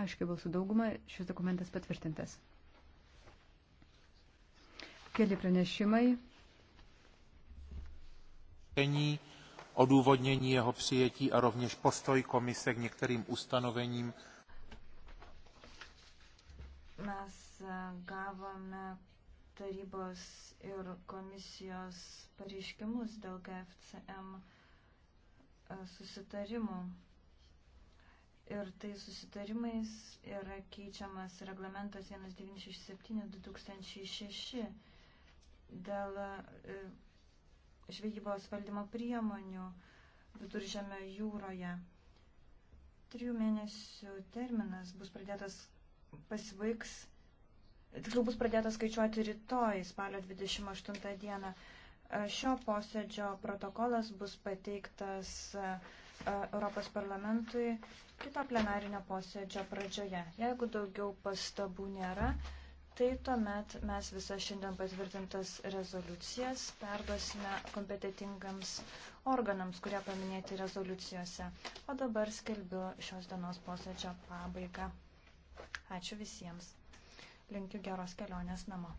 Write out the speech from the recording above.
aiškiai balsų daugumą šis dokumentas patvirtintas. Keli pranešimai. Odůvodnění jeho přijetí a rovněž postoj komise k některým ustanovením. Mes eh, gavome tarybos ir komisijos pareiškimus dėl GFCM eh, susitarimų ir tai susitarimais yra keičiamas reglamentas 1967-2006 dėl e, žvejybos valdymo priemonių viduržėme jūroje. Trijų mėnesių terminas bus pradėtas, pasibaigs, tiksliau bus pradėtas skaičiuoti rytoj, spalio 28 dieną. E, šio posėdžio protokolas bus pateiktas uh, E, Europos parlamentui kito plenarinio posėdžio pradžioje. Jeigu daugiau pastabų nėra, tai tuomet mes visas šiandien patvirtintas rezoliucijas perduosime kompetitingams organams, kurie paminėti rezoliucijose. O dabar skelbiu šios dienos posėdžio pabaigą. Ačiū visiems. Linkiu geros kelionės namo.